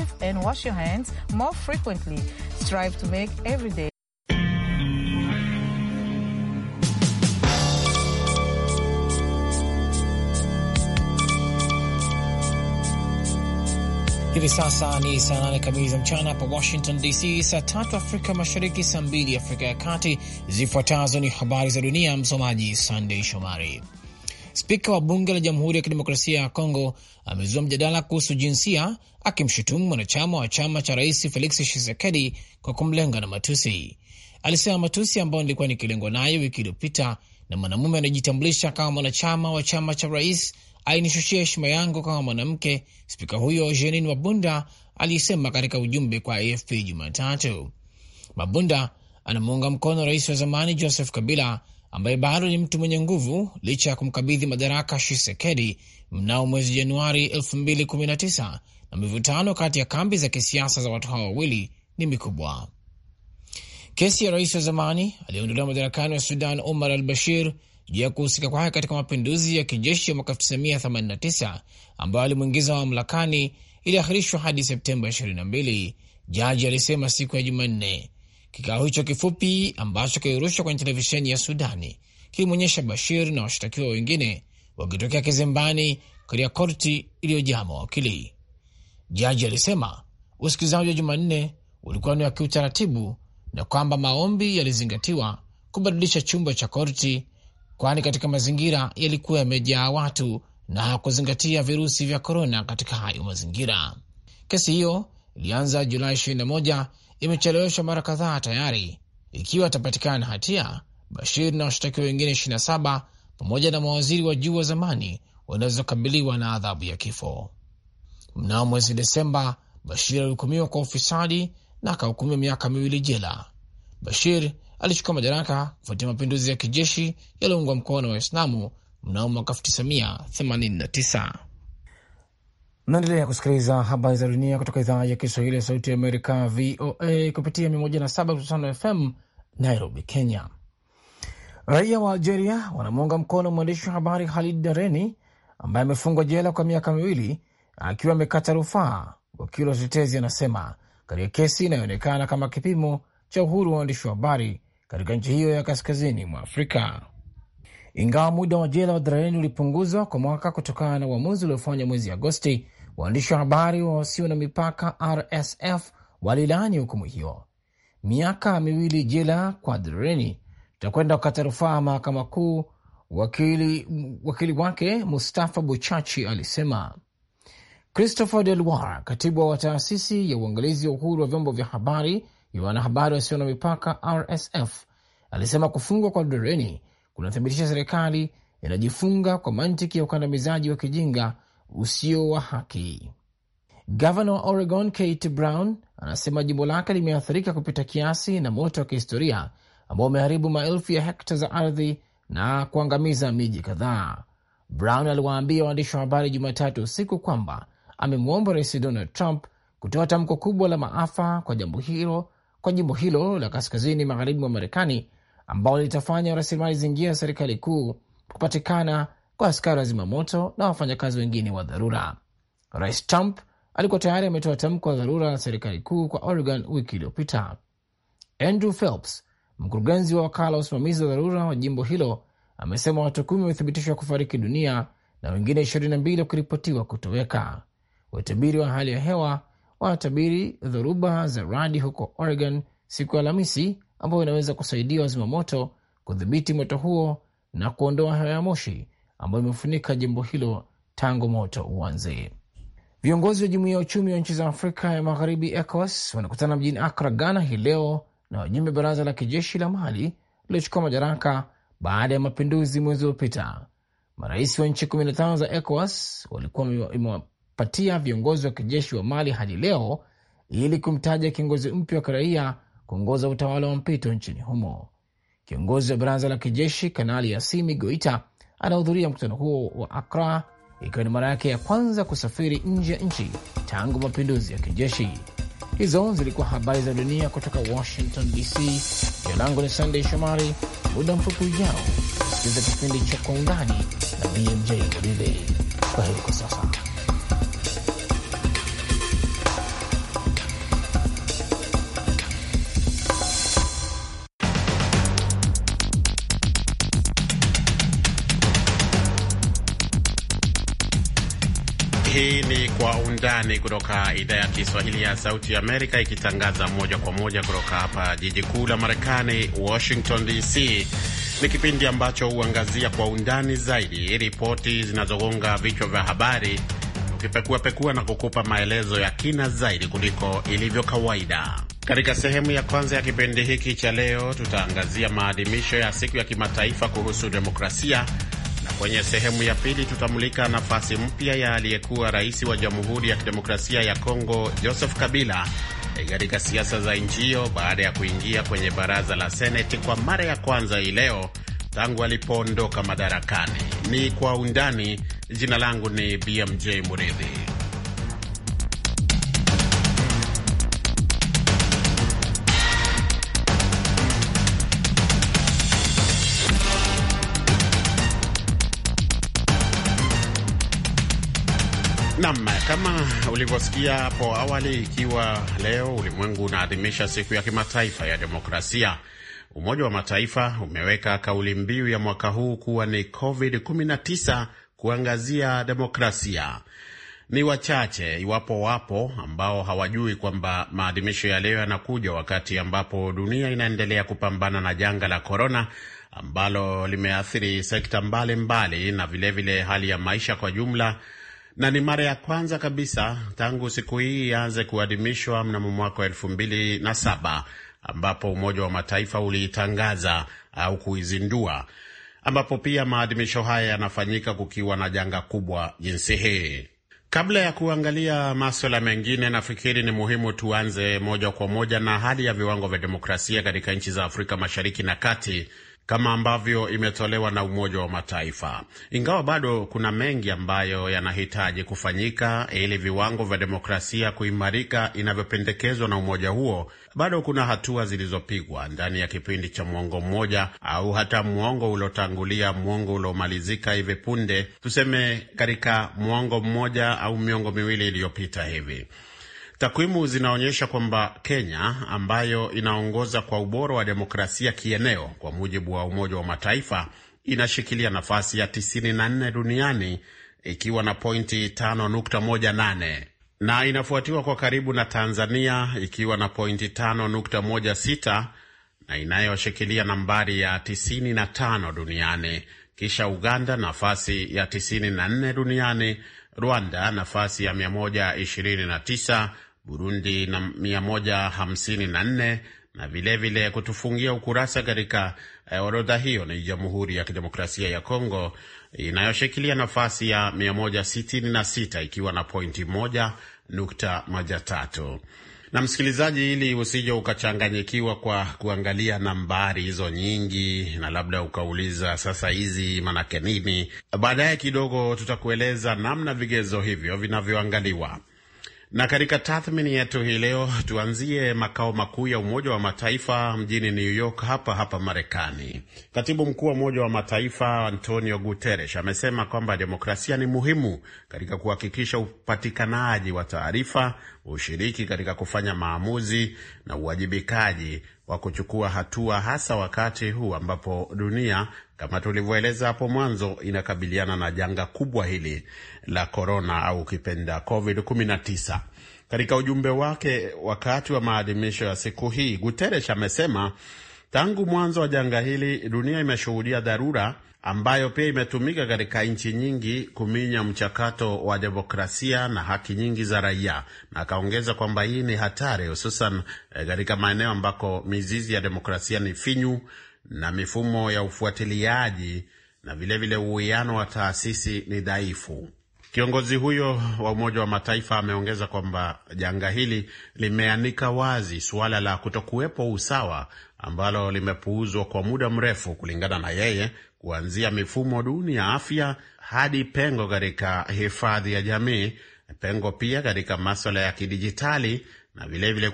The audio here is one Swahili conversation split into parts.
safe and wash your hands more frequently. Strive to make every day. Hivi sasa ni saa nane kamili za mchana hapa Washington DC, saa tatu Afrika Mashariki, saa mbili Afrika ya Kati. Zifuatazo ni habari za dunia, msomaji Sandey Shomari. Spika wa bunge la Jamhuri ya Kidemokrasia ya Kongo amezua mjadala kuhusu jinsia, akimshutumu mwanachama wa chama cha rais Felix Tshisekedi kwa kumlenga na matusi. Alisema matusi ambayo nilikuwa nikilengwa nayo wiki iliyopita na mwanamume anayejitambulisha kama mwanachama wa chama cha rais ainishushia heshima yangu kama mwanamke, spika huyo Jeanine Mabunda alisema katika ujumbe kwa AFP Jumatatu. Mabunda anamuunga mkono rais wa zamani Joseph Kabila ambaye bado ni mtu mwenye nguvu licha ya kumkabidhi madaraka Shisekedi mnao mwezi Januari 2019 na mivutano kati ya kambi za kisiasa za watu hawa wawili ni mikubwa. Kesi ya rais wa zamani aliyeondolewa madarakani wa Sudan Omar al Bashir juu ya kuhusika kwake katika mapinduzi ya kijeshi ya mwaka 1989 ambayo alimwingiza mamlakani iliahirishwa hadi Septemba 22, jaji alisema siku ya Jumanne, Kikao hicho kifupi ambacho kilirushwa kwenye televisheni ya Sudani kilimwonyesha Bashir na washtakiwa wengine wakitokea kizimbani katika korti iliyojaa mawakili. Jaji alisema usikilizaji wa Jumanne ulikuwa ni wa kiutaratibu na kwamba maombi yalizingatiwa kubadilisha chumba cha korti, kwani katika mazingira yalikuwa yamejaa watu na hakuzingatia virusi vya korona katika hayo mazingira. Kesi hiyo ilianza Julai 21 imecheleweshwa mara kadhaa tayari. Ikiwa atapatikana hatia, Bashir na washtakiwa wengine 27 pamoja na mawaziri wa juu wa zamani wanaweza kukabiliwa na adhabu ya kifo. Mnamo mwezi Desemba, Bashir alihukumiwa kwa ufisadi na akahukumiwa miaka miwili jela. Bashir alichukua madaraka kufuatia mapinduzi ya kijeshi yaliyoungwa mkono wa Waislamu mnamo mwaka 1989 naendelea kusikiliza habari za dunia kutoka idhaa ya Kiswahili ya Sauti ya Amerika, VOA, kupitia 107.5 FM Nairobi, Kenya. Raia wa Algeria wanamuunga mkono mwandishi wa habari Halid Dareni ambaye amefungwa jela kwa miaka miwili akiwa amekata rufaa, wakili wa anasema, katika kesi inayoonekana kama kipimo cha uhuru wa waandishi wa habari katika nchi hiyo ya kaskazini mwa Afrika. Ingawa muda wa jela wa Dareni ulipunguzwa kwa mwaka kutokana na uamuzi uliofanywa mwezi Agosti Waandishi wa habari wa wasio na mipaka RSF walilaani hukumu hiyo. Miaka miwili jela kwa Dereni itakwenda kukata rufaa mahakama kuu. Wakili, wakili wake Mustafa Buchachi alisema. Christopher Deluar, katibu wa taasisi ya uangalizi wa uhuru wa vyombo vya habari ya wanahabari wasio na mipaka RSF, alisema kufungwa kwa Dereni kunathibitisha serikali inajifunga kwa mantiki ya ukandamizaji wa kijinga usio wa haki. Gavana wa Oregon Kate Brown anasema jimbo lake limeathirika kupita kiasi na moto wa kihistoria ambao umeharibu maelfu ya hekta za ardhi na kuangamiza miji kadhaa. Brown aliwaambia waandishi wa habari Jumatatu usiku kwamba amemwomba Rais Donald Trump kutoa tamko kubwa la maafa kwa jambo hilo, kwa jimbo hilo la kaskazini magharibi mwa Marekani ambao litafanya rasilimali zingine za serikali kuu kupatikana kwa askari wa zimamoto na wafanyakazi wengine wa dharura. Rais Trump alikuwa tayari ametoa tamko la dharura na serikali kuu kwa Oregon wiki iliyopita. Andrew Phelps, mkurugenzi wa wakala wa usimamizi wa dharura wa jimbo hilo, amesema watu kumi wamethibitishwa kufariki dunia na wengine 22 wakiripotiwa kutoweka. Watabiri wa hali ya hewa wanatabiri dhoruba za radi huko Oregon siku ya Alhamisi, ambayo inaweza kusaidia wazimamoto kudhibiti moto huo na kuondoa hewa ya moshi ambayo imefunika jimbo hilo tangu moto uanze. Viongozi wa jumuiya ya uchumi wa nchi za Afrika ya Magharibi, ECOWAS, wanakutana mjini Akra, Ghana hii leo na wajumbe baraza la kijeshi la Mali liliochukua madaraka baada ya mapinduzi mwezi uliopita. Marais wa nchi 15 za ECOWAS walikuwa imewapatia viongozi wa kijeshi wa Mali hadi leo ili kumtaja kiongozi mpya wa kiraia kuongoza utawala wa mpito nchini humo. Kiongozi wa baraza la kijeshi Kanali Yasimi Goita anahudhuria mkutano huo wa Akra, ikiwa ni mara yake ya kwanza kusafiri nje ya nchi tangu mapinduzi ya kijeshi. Hizo zilikuwa habari za dunia kutoka Washington DC. Jina langu ni Sandey Shomari. Muda mfupi ujao usikiliza kipindi cha Kwa Undani na BMJ Kwa Kwaheri kwa sasa. Hii ni Kwa Undani kutoka idhaa ya Kiswahili ya Sauti ya Amerika, ikitangaza moja kwa moja kutoka hapa jiji kuu la Marekani, Washington DC. Ni kipindi ambacho huangazia kwa undani zaidi ripoti zinazogonga vichwa vya habari, ukipekuapekua na kukupa maelezo ya kina zaidi kuliko ilivyo kawaida. Katika sehemu ya kwanza ya kipindi hiki cha leo, tutaangazia maadhimisho ya siku ya kimataifa kuhusu demokrasia Kwenye sehemu ya pili tutamulika nafasi mpya ya aliyekuwa rais wa Jamhuri ya Kidemokrasia ya Kongo Joseph Kabila eh, katika siasa za nchi hiyo baada ya kuingia kwenye baraza la seneti kwa mara ya kwanza hii leo tangu alipoondoka madarakani. Ni kwa undani. Jina langu ni BMJ Muridhi. Nam, kama ulivyosikia hapo awali, ikiwa leo ulimwengu unaadhimisha siku ya kimataifa ya demokrasia, Umoja wa Mataifa umeweka kauli mbiu ya mwaka huu kuwa ni COVID-19 kuangazia demokrasia. Ni wachache iwapo wapo ambao hawajui kwamba maadhimisho ya leo yanakuja wakati ambapo dunia inaendelea kupambana na janga la korona ambalo limeathiri sekta mbalimbali mbali, na vilevile vile hali ya maisha kwa jumla na ni mara ya kwanza kabisa tangu siku hii ianze kuadhimishwa mnamo mwaka wa elfu mbili na saba ambapo Umoja wa Mataifa uliitangaza au kuizindua, ambapo pia maadhimisho haya yanafanyika kukiwa na janga kubwa jinsi hii. Kabla ya kuangalia maswala mengine, nafikiri ni muhimu tuanze moja kwa moja na hali ya viwango vya demokrasia katika nchi za Afrika Mashariki na Kati kama ambavyo imetolewa na Umoja wa Mataifa, ingawa bado kuna mengi ambayo yanahitaji kufanyika ili viwango vya demokrasia kuimarika inavyopendekezwa na umoja huo. Bado kuna hatua zilizopigwa ndani ya kipindi cha mwongo mmoja au hata mwongo uliotangulia mwongo uliomalizika hivi punde, tuseme katika mwongo mmoja au miongo miwili iliyopita hivi. Takwimu zinaonyesha kwamba Kenya ambayo inaongoza kwa ubora wa demokrasia kieneo kwa mujibu wa Umoja wa Mataifa inashikilia nafasi ya 94 duniani ikiwa na pointi 5.18 na inafuatiwa kwa karibu na Tanzania ikiwa na pointi 5.16 na inayoshikilia nambari ya 95 duniani, kisha Uganda nafasi ya 94 duniani, Rwanda nafasi ya 129 Burundi na 154 na vilevile vile kutufungia ukurasa katika eh, orodha hiyo ni Jamhuri ya Kidemokrasia ya Kongo inayoshikilia nafasi ya 166 ikiwa na pointi moja nukta moja tatu. Na msikilizaji, ili usije ukachanganyikiwa kwa kuangalia nambari hizo nyingi, na labda ukauliza sasa hizi manake nini, baadaye kidogo tutakueleza namna vigezo hivyo vinavyoangaliwa. Na katika tathmini yetu hii leo, tuanzie makao makuu ya Umoja wa Mataifa mjini New York, hapa hapa Marekani. Katibu mkuu wa Umoja wa Mataifa Antonio Guterres amesema kwamba demokrasia ni muhimu katika kuhakikisha upatikanaji wa taarifa, ushiriki katika kufanya maamuzi na uwajibikaji wa kuchukua hatua, hasa wakati huu ambapo dunia kama tulivyoeleza hapo mwanzo inakabiliana na janga kubwa hili la korona au ukipenda COVID-19. Katika ujumbe wake wakati wa maadhimisho ya siku hii, Guterres amesema tangu mwanzo wa janga hili dunia imeshuhudia dharura ambayo pia imetumika katika nchi nyingi kuminya mchakato wa demokrasia na haki nyingi za raia, na akaongeza kwamba hii ni hatari, hususan eh, katika maeneo ambako mizizi ya demokrasia ni finyu na mifumo ya ufuatiliaji na vilevile uwiano wa taasisi ni dhaifu. Kiongozi huyo wa Umoja wa Mataifa ameongeza kwamba janga hili limeanika wazi suala la kutokuwepo usawa ambalo limepuuzwa kwa muda mrefu, kulingana na yeye, kuanzia mifumo duni ya afya hadi pengo katika hifadhi ya jamii, pengo pia katika maswala ya kidijitali na vilevile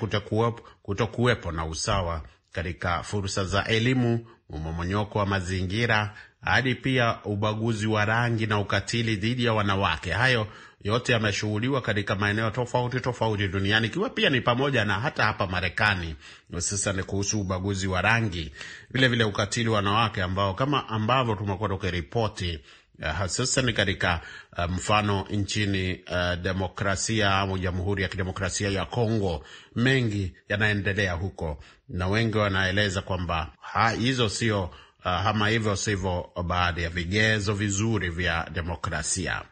kutokuwepo na usawa katika fursa za elimu, umomonyoko wa mazingira hadi pia ubaguzi wa rangi na ukatili dhidi ya wanawake. Hayo yote yameshughuliwa katika maeneo tofauti tofauti duniani ikiwa pia ni pamoja na hata hapa Marekani, Sasa ni kuhusu ubaguzi wa rangi, vilevile ukatili wa wanawake ambao kama ambavyo tumekuwa tukiripoti hususan eh, katika eh, mfano nchini uh, demokrasia au Jamhuri ya Kidemokrasia ya Kongo. Mengi yanaendelea huko na wengi wanaeleza kwamba hizo sio Eh, ama hivyo sivyo, baadhi ya vigezo vizuri vya demokrasia.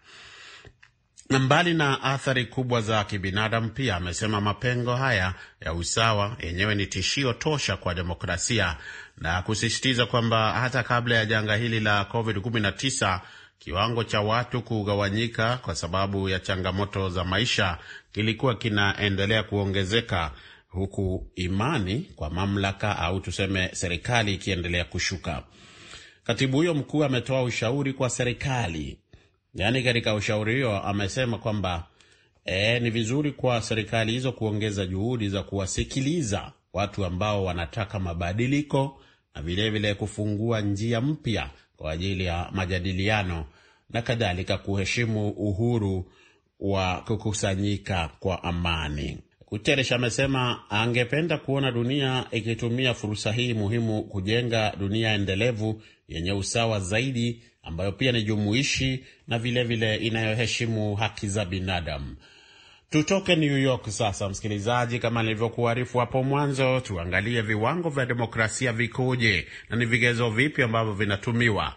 Mbali na athari kubwa za kibinadamu, pia amesema mapengo haya ya usawa yenyewe ni tishio tosha kwa demokrasia na kusisitiza kwamba hata kabla ya janga hili la COVID-19 kiwango cha watu kugawanyika kwa sababu ya changamoto za maisha kilikuwa kinaendelea kuongezeka huku imani kwa mamlaka au tuseme serikali ikiendelea kushuka. Katibu huyo mkuu ametoa ushauri kwa serikali, yaani katika ushauri huo amesema kwamba e, ni vizuri kwa serikali hizo kuongeza juhudi za kuwasikiliza watu ambao wanataka mabadiliko na vilevile vile kufungua njia mpya kwa ajili ya majadiliano na kadhalika, kuheshimu uhuru wa kukusanyika kwa amani. Guterres amesema angependa kuona dunia ikitumia fursa hii muhimu kujenga dunia endelevu yenye usawa zaidi, ambayo pia ni jumuishi na vilevile vile inayoheshimu haki za binadamu. Tutoke New York sasa, msikilizaji, kama nilivyokuarifu hapo mwanzo, tuangalie viwango vya demokrasia vikoje na ni vigezo vipi ambavyo vinatumiwa.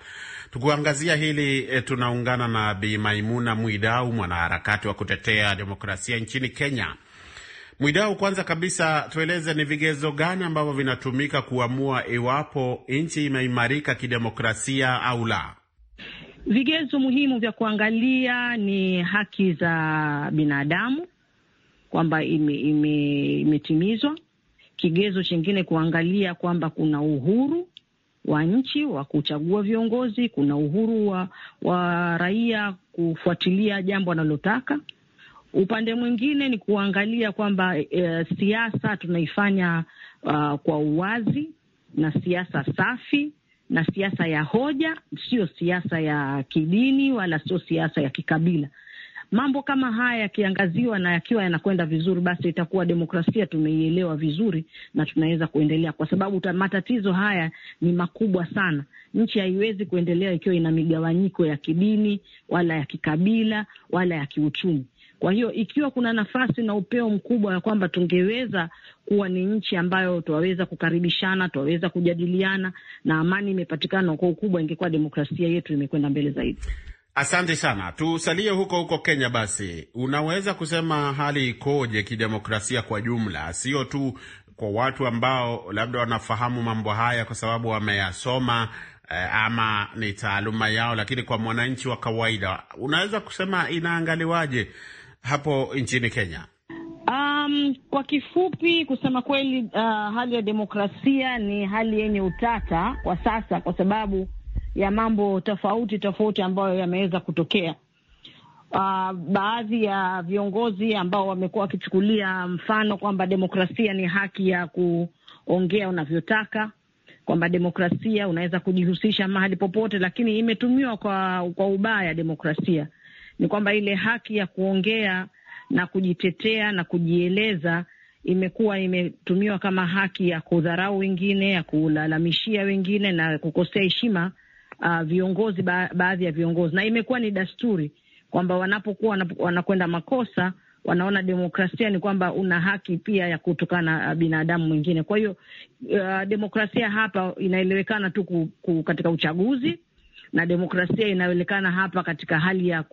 Tukuangazia hili e, tunaungana na Bi Maimuna Mwidau, mwanaharakati wa kutetea demokrasia nchini Kenya. Mwidau, kwanza kabisa tueleze ni vigezo gani ambavyo vinatumika kuamua iwapo nchi imeimarika kidemokrasia au la? Vigezo muhimu vya kuangalia ni haki za binadamu kwamba imetimizwa ime, ime kigezo chingine kuangalia kwamba kuna uhuru wa nchi wa kuchagua viongozi, kuna uhuru wa, wa raia kufuatilia jambo analotaka. Upande mwingine ni kuangalia kwamba e, siasa tunaifanya uh, kwa uwazi na siasa safi na siasa ya hoja, sio siasa ya kidini wala sio siasa ya kikabila. Mambo kama haya yakiangaziwa na yakiwa yanakwenda vizuri, basi itakuwa demokrasia tumeielewa vizuri na tunaweza kuendelea, kwa sababu matatizo haya ni makubwa sana. Nchi haiwezi kuendelea ikiwa ina migawanyiko ya kidini wala ya kikabila wala ya kiuchumi. Kwa hiyo ikiwa kuna nafasi na upeo mkubwa ya kwamba tungeweza kuwa ni nchi ambayo twaweza kukaribishana, twaweza kujadiliana na amani imepatikana kwa ukubwa, ingekuwa demokrasia yetu imekwenda mbele zaidi. Asante sana. Tusalie huko huko Kenya basi, unaweza kusema hali ikoje kidemokrasia kwa jumla, sio tu kwa watu ambao labda wanafahamu mambo haya kwa sababu wameyasoma eh, ama ni taaluma yao, lakini kwa mwananchi wa kawaida unaweza kusema inaangaliwaje hapo nchini Kenya? Um, kwa kifupi kusema kweli, uh, hali ya demokrasia ni hali yenye utata kwa sasa, kwa sababu ya mambo tofauti tofauti ambayo yameweza kutokea. Uh, baadhi ya viongozi ambao wamekuwa wakichukulia mfano kwamba demokrasia ni haki ya kuongea unavyotaka, kwamba demokrasia unaweza kujihusisha mahali popote, lakini imetumiwa kwa, kwa ubaya demokrasia ni kwamba ile haki ya kuongea na kujitetea na kujieleza imekuwa imetumiwa kama haki ya kudharau wengine, ya kulalamishia wengine na kukosea heshima uh, viongozi ba baadhi ya viongozi, na imekuwa ni dasturi kwamba wanapokuwa wanakwenda makosa wanaona demokrasia ni kwamba una haki pia ya kutokana uh, binadamu mwingine. Kwa hiyo uh, demokrasia hapa inaelewekana tu ku, ku, katika uchaguzi na demokrasia inaonekana hapa katika hali ya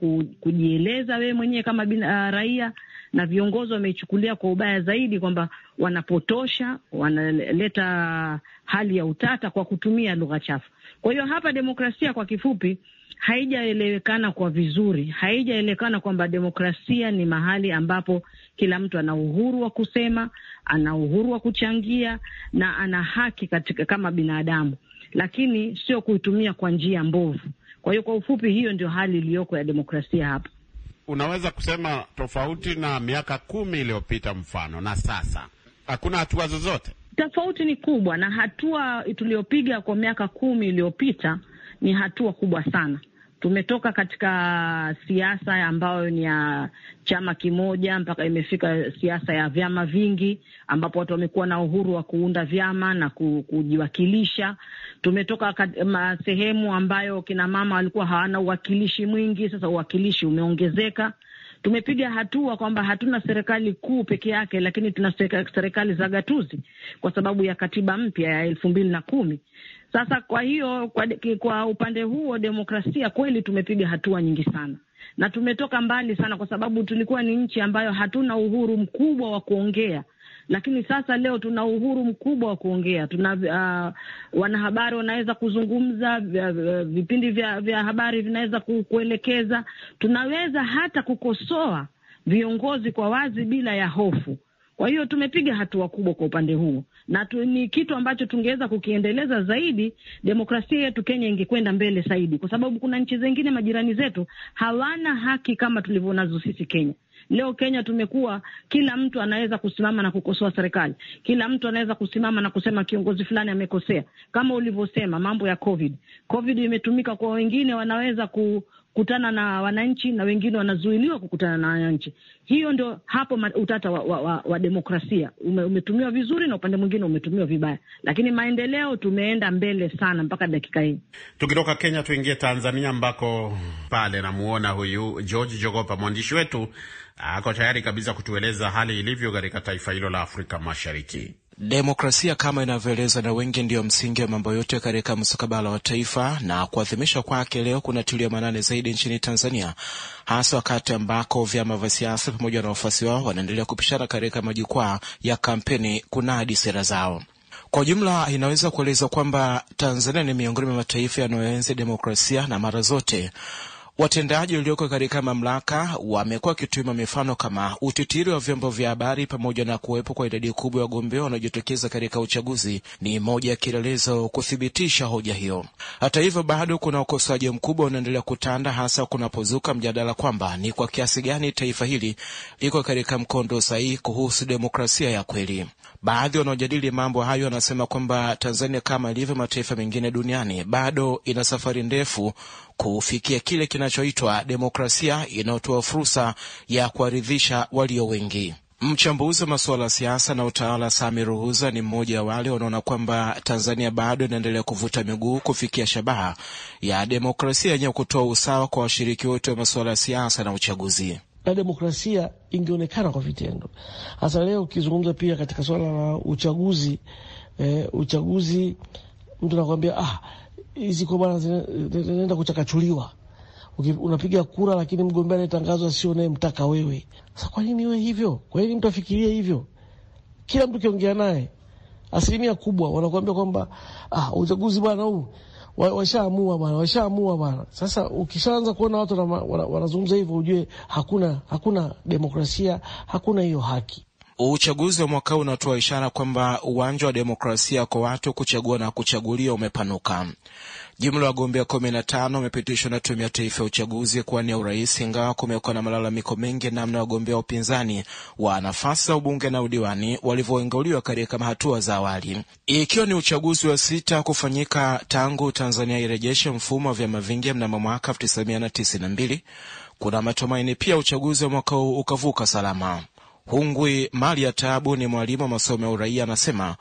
kujieleza wewe mwenyewe kama bin, uh, raia na viongozi wameichukulia kwa ubaya zaidi, kwamba wanapotosha, wanaleta hali ya utata kwa kutumia lugha chafu. Kwa hiyo hapa demokrasia kwa kifupi haijaelewekana kwa vizuri, haijaelewekana kwamba demokrasia ni mahali ambapo kila mtu ana uhuru wa kusema, ana uhuru wa kuchangia na ana haki katika kama binadamu lakini sio kuitumia kwa njia mbovu. Kwa hiyo kwa ufupi, hiyo ndio hali iliyoko ya demokrasia hapa. Unaweza kusema tofauti na miaka kumi iliyopita mfano na sasa, hakuna hatua zozote? Tofauti ni kubwa, na hatua tuliyopiga kwa miaka kumi iliyopita ni hatua kubwa sana. Tumetoka katika siasa ambayo ni ya chama kimoja mpaka imefika siasa ya vyama vingi, ambapo watu wamekuwa na uhuru wa kuunda vyama na kujiwakilisha. Tumetoka sehemu ambayo kinamama walikuwa hawana uwakilishi mwingi, sasa uwakilishi umeongezeka tumepiga hatua kwamba hatuna serikali kuu peke yake, lakini tuna serikali za gatuzi kwa sababu ya katiba mpya ya elfu mbili na kumi. Sasa kwa hiyo kwa, kwa upande huo demokrasia kweli tumepiga hatua nyingi sana na tumetoka mbali sana, kwa sababu tulikuwa ni nchi ambayo hatuna uhuru mkubwa wa kuongea lakini sasa leo tuna uhuru mkubwa wa kuongea. Tuna uh, wanahabari wanaweza kuzungumza, vipindi vya, vya habari vinaweza kuelekeza, tunaweza hata kukosoa viongozi kwa wazi bila ya hofu. Kwa hiyo tumepiga hatua kubwa kwa upande huo, na ni kitu ambacho tungeweza kukiendeleza zaidi. Demokrasia yetu Kenya ingekwenda mbele zaidi, kwa sababu kuna nchi zingine majirani zetu hawana haki kama tulivyonazo sisi Kenya. Leo Kenya tumekuwa kila mtu anaweza kusimama na kukosoa serikali, kila mtu anaweza kusimama na kusema kiongozi fulani amekosea. Kama ulivyosema mambo ya COVID, COVID imetumika kwa wengine, wanaweza kukutana na wananchi na wengine wanazuiliwa kukutana na wananchi. Hiyo ndio hapo utata wa, wa, wa, wa demokrasia ume, umetumiwa vizuri na upande mwingine umetumiwa vibaya, lakini maendeleo tumeenda mbele sana mpaka dakika hii. Tukitoka Kenya tuingie Tanzania ambako pale namuona huyu George Jogopa mwandishi wetu ako ah, tayari kabisa kutueleza hali ilivyo katika taifa hilo la Afrika Mashariki. Demokrasia kama inavyoelezwa na wengi ndiyo msingi wa mambo yote katika mstakabala wa taifa, na kuadhimishwa kwake leo kunatilia manane zaidi nchini Tanzania, hasa wakati ambako vyama vya siasa pamoja na wafuasi wao wanaendelea kupishana katika majukwaa ya kampeni kunadi sera zao. Kwa ujumla inaweza kueleza kwamba Tanzania ni miongoni mwa mataifa yanayoenzi demokrasia na mara zote Watendaji walioko katika mamlaka wamekuwa wakituma mifano kama utitiri wa vyombo vya habari pamoja na kuwepo kwa idadi kubwa ya wagombea wanaojitokeza katika uchaguzi ni moja ya kielelezo kuthibitisha hoja hiyo. Hata hivyo, bado kuna ukosoaji mkubwa unaendelea kutanda, hasa kunapozuka mjadala kwamba ni kwa kiasi gani taifa hili liko katika mkondo sahihi kuhusu demokrasia ya kweli. Baadhi wanaojadili mambo hayo wanasema kwamba Tanzania kama ilivyo mataifa mengine duniani bado ina safari ndefu kufikia kile kinachoitwa demokrasia inayotoa fursa ya kuwaridhisha walio wengi. Mchambuzi wa masuala ya siasa na utawala Sami Ruhuza ni mmoja wa wale wanaona kwamba Tanzania bado inaendelea kuvuta miguu kufikia shabaha ya demokrasia yenye kutoa usawa kwa washiriki wote wa masuala ya siasa na uchaguzi na demokrasia ingeonekana kwa vitendo. Hasa leo ukizungumza pia katika suala la uchaguzi eh, uchaguzi mtu anakuambia ah hizi kwa bwana zinaenda kuchakachuliwa. Unapiga kura, lakini mgombea anayetangazwa sio naye mtaka wewe. Sasa kwa nini iwe hivyo? Kwa nini mtu afikirie hivyo? Kila mtu kiongea naye, asilimia kubwa wanakuambia kwamba ah, uchaguzi bwana huu washaamua bwana, washaamua bwana. Sasa ukishaanza kuona watu wanazungumza hivyo, ujue hakuna hakuna demokrasia, hakuna hiyo haki. Uchaguzi wa mwaka huu unatoa ishara kwamba uwanja wa demokrasia kwa watu kuchagua na kuchaguliwa umepanuka. Jumla ya wagombea kumi na tano wamepitishwa na tume ya taifa ya uchaguzi kuwania urais, ingawa kumekuwa na malalamiko mengi namna wagombea wa upinzani wa nafasi za ubunge na udiwani walivyoingauliwa katika hatua za awali, ikiwa ni uchaguzi wa sita kufanyika tangu Tanzania irejeshe mfumo wa vyama vingi mnamo mwaka 1992. Kuna matumaini pia uchaguzi wa mwaka huu ukavuka salama. Hungwi Mali ya Tabu ni mwalimu wa masomo ya uraia, anasema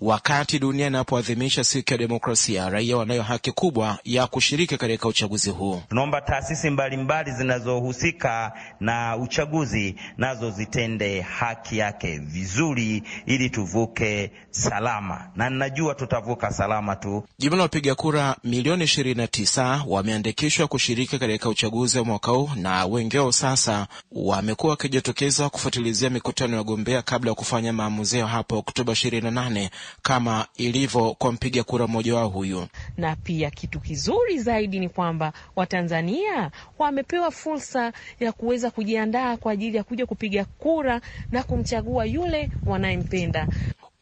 Wakati dunia inapoadhimisha siku ya demokrasia, raia wanayo haki kubwa ya kushiriki katika uchaguzi huu. Tunaomba taasisi mbalimbali zinazohusika na uchaguzi nazo zitende haki yake vizuri, ili tuvuke salama, na ninajua tutavuka salama tu. Jumla wapiga kura milioni 29 wameandikishwa kushiriki katika uchaguzi wa mwaka huu, na wengi wao sasa wamekuwa wakijitokeza kufuatilizia mikutano ya wagombea kabla ya kufanya maamuzi yao hapo Oktoba 28 kama ilivyo kwa mpiga kura mmoja wao huyu. Na pia kitu kizuri zaidi ni kwamba Watanzania wamepewa fursa ya kuweza kujiandaa kwa ajili ya kuja kupiga kura na kumchagua yule wanayempenda.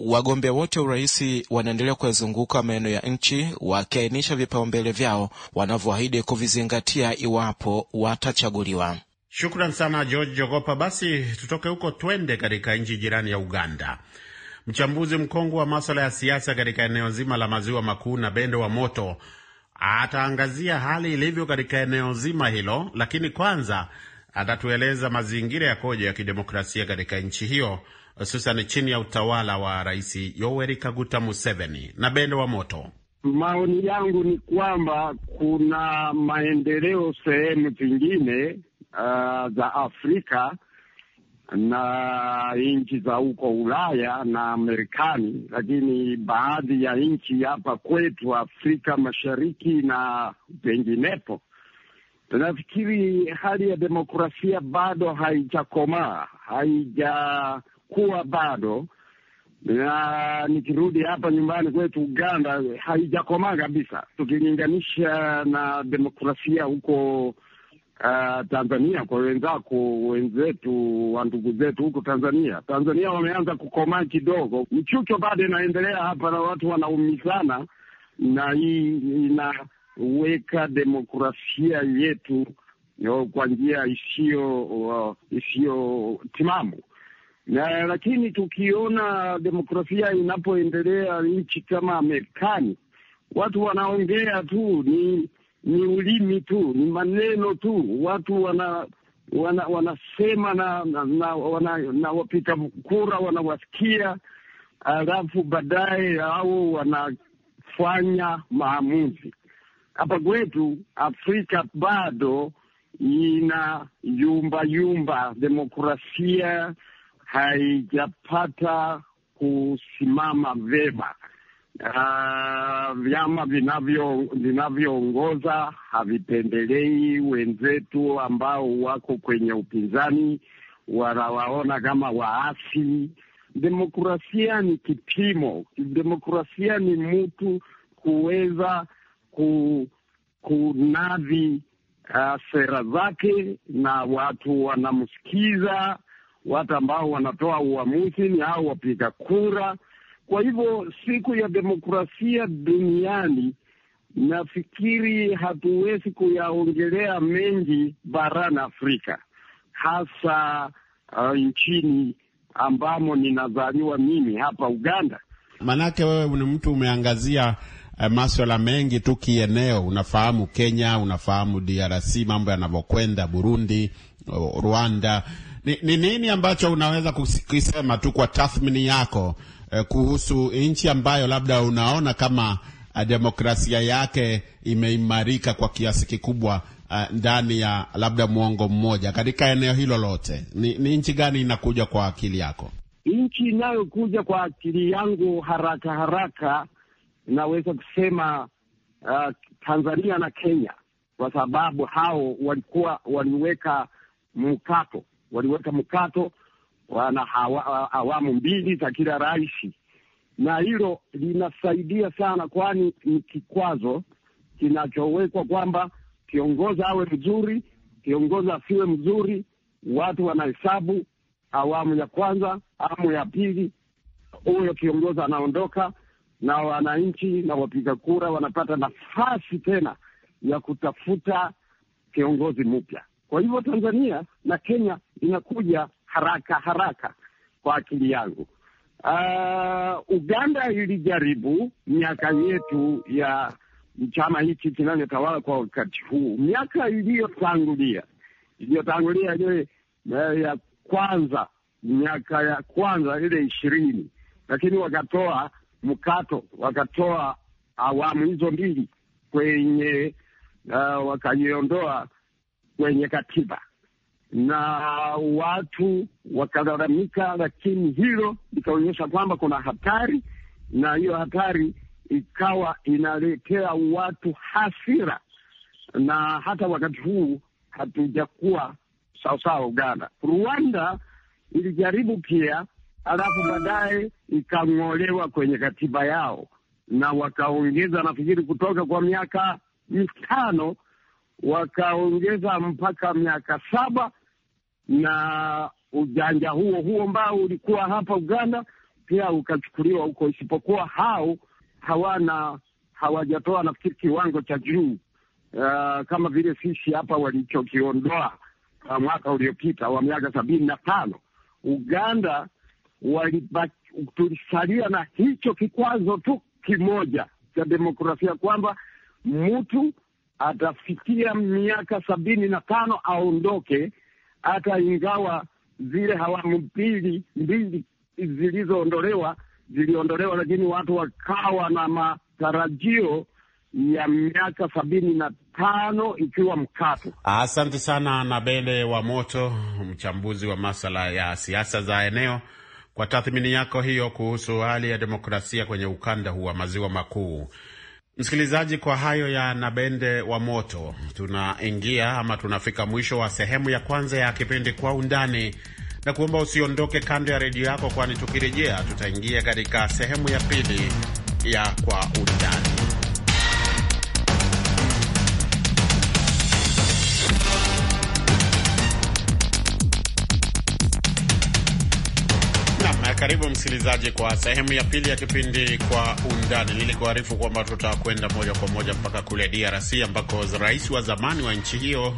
Wagombea wote wa urais wanaendelea kuyazunguka maeneo ya nchi wakiainisha vipaumbele vyao wanavyoahidi kuvizingatia iwapo watachaguliwa. Shukran sana George Jogopa. Basi tutoke huko twende katika nchi jirani ya Uganda mchambuzi mkongwe wa maswala ya siasa katika eneo zima la maziwa makuu na bendo wa Moto ataangazia hali ilivyo katika eneo zima hilo, lakini kwanza atatueleza mazingira ya koja ya kidemokrasia katika nchi hiyo hususan chini ya utawala wa Rais Yoweri Kaguta Museveni. Na Bende wa Moto, maoni yangu ni kwamba kuna maendeleo sehemu zingine uh, za Afrika na nchi za huko Ulaya na Marekani, lakini baadhi ya nchi hapa kwetu Afrika Mashariki na penginepo, nafikiri hali ya demokrasia bado haijakomaa, haijakuwa bado na nikirudi hapa nyumbani kwetu Uganda haijakomaa kabisa, tukilinganisha na demokrasia huko uh, Tanzania kwa wenzako wenzetu wa ndugu zetu huko Tanzania. Tanzania wameanza kukomaa kidogo, mchucho bado inaendelea hapa na watu wanaumizana, na hii inaweka demokrasia yetu kwa njia isiyo uh, isiyo timamu na, lakini tukiona demokrasia inapoendelea nchi kama Amerikani, watu wanaongea tu ni ni ulimi tu, ni maneno tu, watu wana wana wanasema na na, na, wana, na wapiga kura wanawasikia, alafu baadaye au wanafanya maamuzi. Hapa kwetu Afrika bado ina yumba yumba, demokrasia haijapata kusimama vema. Ah, vyama vinavyoongoza havipendelei wenzetu ambao wako kwenye upinzani, wanawaona kama waasi. Demokrasia ni kipimo, demokrasia ni mtu kuweza ku, kunadhi uh, sera zake na watu wanamsikiza. Watu ambao wanatoa uamuzi ni hao wapiga kura kwa hivyo siku ya demokrasia duniani nafikiri hatuwezi kuyaongelea mengi barani Afrika, hasa uh, nchini ambamo ninazaliwa mimi hapa Uganda. maanake wewe ni mtu umeangazia uh, maswala mengi tu kieneo. Unafahamu Kenya, unafahamu DRC, mambo yanavyokwenda Burundi, Rwanda ni, ni nini ambacho unaweza kusema tu kwa tathmini yako eh, kuhusu nchi ambayo labda unaona kama eh, demokrasia yake imeimarika kwa kiasi kikubwa eh, ndani ya labda mwongo mmoja katika eneo hilo lote? Ni, ni nchi gani inakuja kwa akili yako? Nchi inayokuja kwa akili yangu haraka haraka naweza kusema uh, Tanzania na Kenya, kwa sababu hao walikuwa waliweka mkato waliweka mkato wana hawa, awamu mbili za kila rais, na hilo linasaidia sana, kwani ni kikwazo kinachowekwa kwamba kiongozi awe mzuri, kiongozi asiwe mzuri. Watu wanahesabu awamu ya kwanza, awamu ya pili, huyo kiongozi anaondoka, na wananchi na wapiga kura wanapata nafasi tena ya kutafuta kiongozi mpya. Kwa hivyo Tanzania na Kenya inakuja haraka haraka kwa akili yangu. Uh, Uganda ilijaribu miaka yetu ya chama hiki kinachotawala kwa wakati huu, miaka iliyotangulia iliyotangulia ile eh, ya kwanza, miaka ya kwanza ile ishirini, lakini wakatoa mkato, wakatoa awamu hizo mbili kwenye uh, wakaiondoa kwenye katiba na watu wakalalamika, lakini hilo likaonyesha kwamba kuna hatari, na hiyo hatari ikawa inaletea watu hasira, na hata wakati huu hatujakuwa sawasawa. Uganda, Rwanda ilijaribu pia, alafu baadaye ikang'olewa kwenye katiba yao, na wakaongeza nafikiri kutoka kwa miaka mitano wakaongeza mpaka miaka saba na ujanja huo huo ambao ulikuwa hapa Uganda pia ukachukuliwa huko, isipokuwa hao hawana hawajatoa nafikiri kiwango cha juu uh, kama vile sisi hapa walichokiondoa uh, mwaka uliopita wa miaka sabini na tano Uganda tulisalia na hicho kikwazo tu kimoja cha demokrasia kwamba mtu atafikia miaka sabini na tano aondoke hata ingawa zile awamu mbili mbili zilizoondolewa ziliondolewa, lakini watu wakawa na matarajio ya miaka sabini na tano ikiwa mkato. Asante sana Nabele wa Moto, mchambuzi wa masala ya siasa za eneo, kwa tathmini yako hiyo kuhusu hali ya demokrasia kwenye ukanda huu wa maziwa makuu. Msikilizaji, kwa hayo ya Nabende wa Moto, tunaingia ama tunafika mwisho wa sehemu ya kwanza ya kipindi Kwa Undani, na kuomba usiondoke kando ya redio yako, kwani tukirejea tutaingia katika sehemu ya pili ya Kwa Undani. Karibu msikilizaji kwa sehemu ya pili ya kipindi Kwa Undani. Nilikuarifu kwamba tutakwenda moja kwa moja mpaka kule DRC ambako rais wa zamani wa nchi hiyo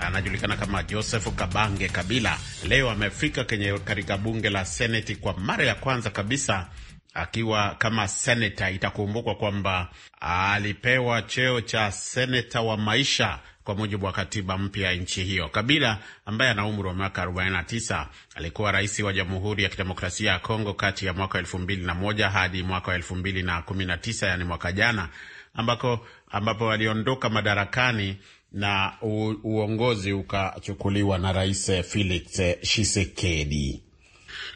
anajulikana kama Joseph Kabange Kabila leo amefika kwenye katika bunge la seneti kwa mara ya kwanza kabisa akiwa kama seneta. Itakumbukwa kwamba alipewa cheo cha seneta wa maisha kwa mujibu wa katiba mpya ya nchi hiyo. Kabila ambaye ana umri wa miaka 49 alikuwa rais wa Jamhuri ya Kidemokrasia ya Kongo kati ya mwaka 2001 hadi mwaka 2019, yani mwaka jana, ambako ambapo aliondoka madarakani na uongozi ukachukuliwa na Rais Felix Tshisekedi.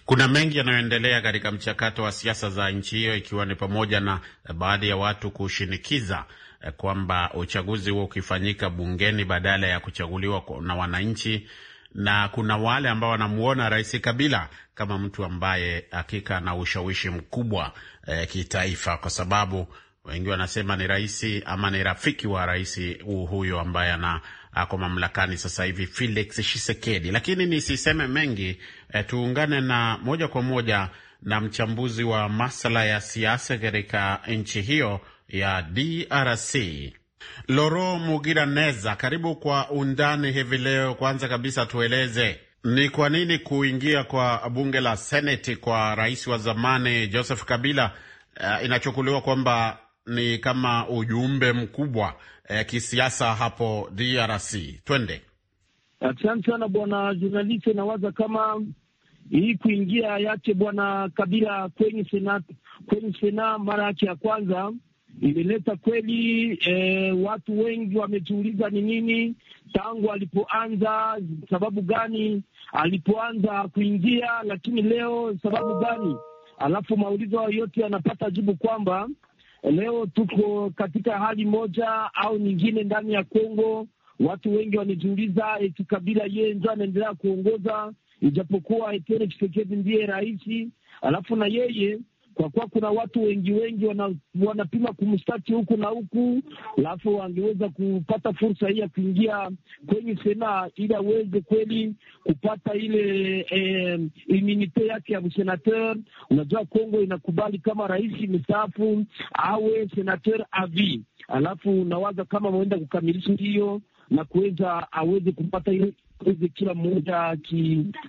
Kuna mengi yanayoendelea katika mchakato wa siasa za nchi hiyo, ikiwa ni pamoja na baadhi ya watu kushinikiza Eh, kwamba uchaguzi huo ukifanyika bungeni badala ya kuchaguliwa na wananchi, na kuna wale ambao wanamuona Rais Kabila kama mtu ambaye hakika ana ushawishi mkubwa eh, kitaifa, kwa sababu wengi wanasema ni rais ama ni rafiki wa rais huyo ambaye ana ako mamlakani sasa hivi Felix Tshisekedi. Lakini nisiseme mengi eh, tuungane na moja kwa moja na mchambuzi wa masala ya siasa katika nchi hiyo ya DRC. Loro Mugiraneza, karibu kwa undani hivi leo. Kwanza kabisa tueleze ni kwa nini kuingia kwa bunge la seneti kwa rais wa zamani Joseph Kabila uh, inachukuliwa kwamba ni kama ujumbe mkubwa uh, kisiasa hapo DRC. Twende. Asante sana bwana jurnalisti, nawaza kama hii kuingia yake bwana Kabila kwenye sena, kwenye sena mara yake ya kwanza imeleta kweli e, watu wengi wamejiuliza ni nini tangu alipoanza, sababu gani alipoanza kuingia, lakini leo sababu gani? Alafu maulizo yote yanapata jibu kwamba leo tuko katika hali moja au nyingine ndani ya Kongo. Watu wengi wanajiuliza eti Kabila yeye ndio anaendelea kuongoza, ijapokuwa Etere Tshisekedi ndiye rais, alafu na yeye kwa kuwa kuna watu wengi wengi wana, wanapima kumstaki huku na huku, alafu wangeweza kupata fursa hii ya kuingia kwenye sena ili aweze kweli kupata ile eh, imunite yake ya msenateur. Unajua Kongo inakubali kama rais mstaafu awe senateur avi, alafu unawaza kama ameenda kukamilisha hiyo na kuweza aweze kupata ile, kila mmoja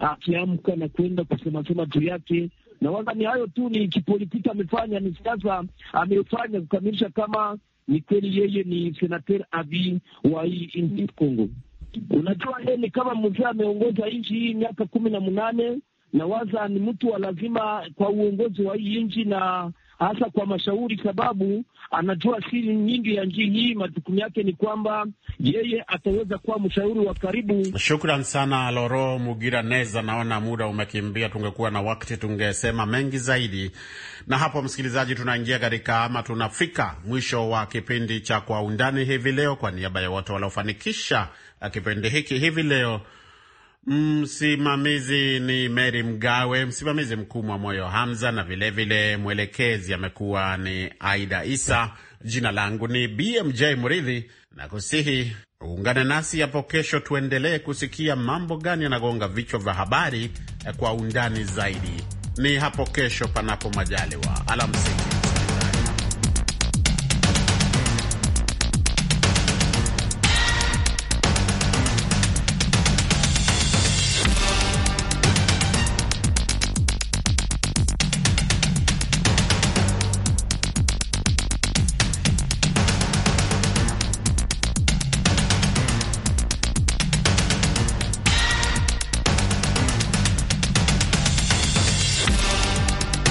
akiamka na kuenda kusemasema juu yake na waza ni hayo tu ni kipolitiki amefanya, ni siasa amefanya kukamilisha kama ni kweli yeye ni senateur abi wa hii nchi Kongo. Unajua, yeye ni kama mzee ameongoza nchi hii miaka kumi na munane na waza ni mtu wa lazima kwa uongozi wa hii nchi na hasa kwa mashauri, sababu anajua siri nyingi ya njii hii. Majukumu yake ni kwamba yeye ataweza kuwa mshauri wa karibu. Shukran sana Loro mugira neza naona muda umekimbia. Tungekuwa na wakati tungesema mengi zaidi, na hapo, msikilizaji, tunaingia katika ama tunafika mwisho wa kipindi cha Kwa Undani hivi leo. Kwa niaba ya wote waliofanikisha kipindi hiki hivi leo Msimamizi ni Mary Mgawe, msimamizi mkuu mwa Moyo Hamza, na vilevile vile mwelekezi amekuwa ni Aida Isa. Jina langu ni BMJ Muridhi, nakusihi uungane nasi hapo kesho, tuendelee kusikia mambo gani yanagonga vichwa vya habari kwa undani zaidi. Ni hapo kesho, panapo majaliwa. Alamsiki.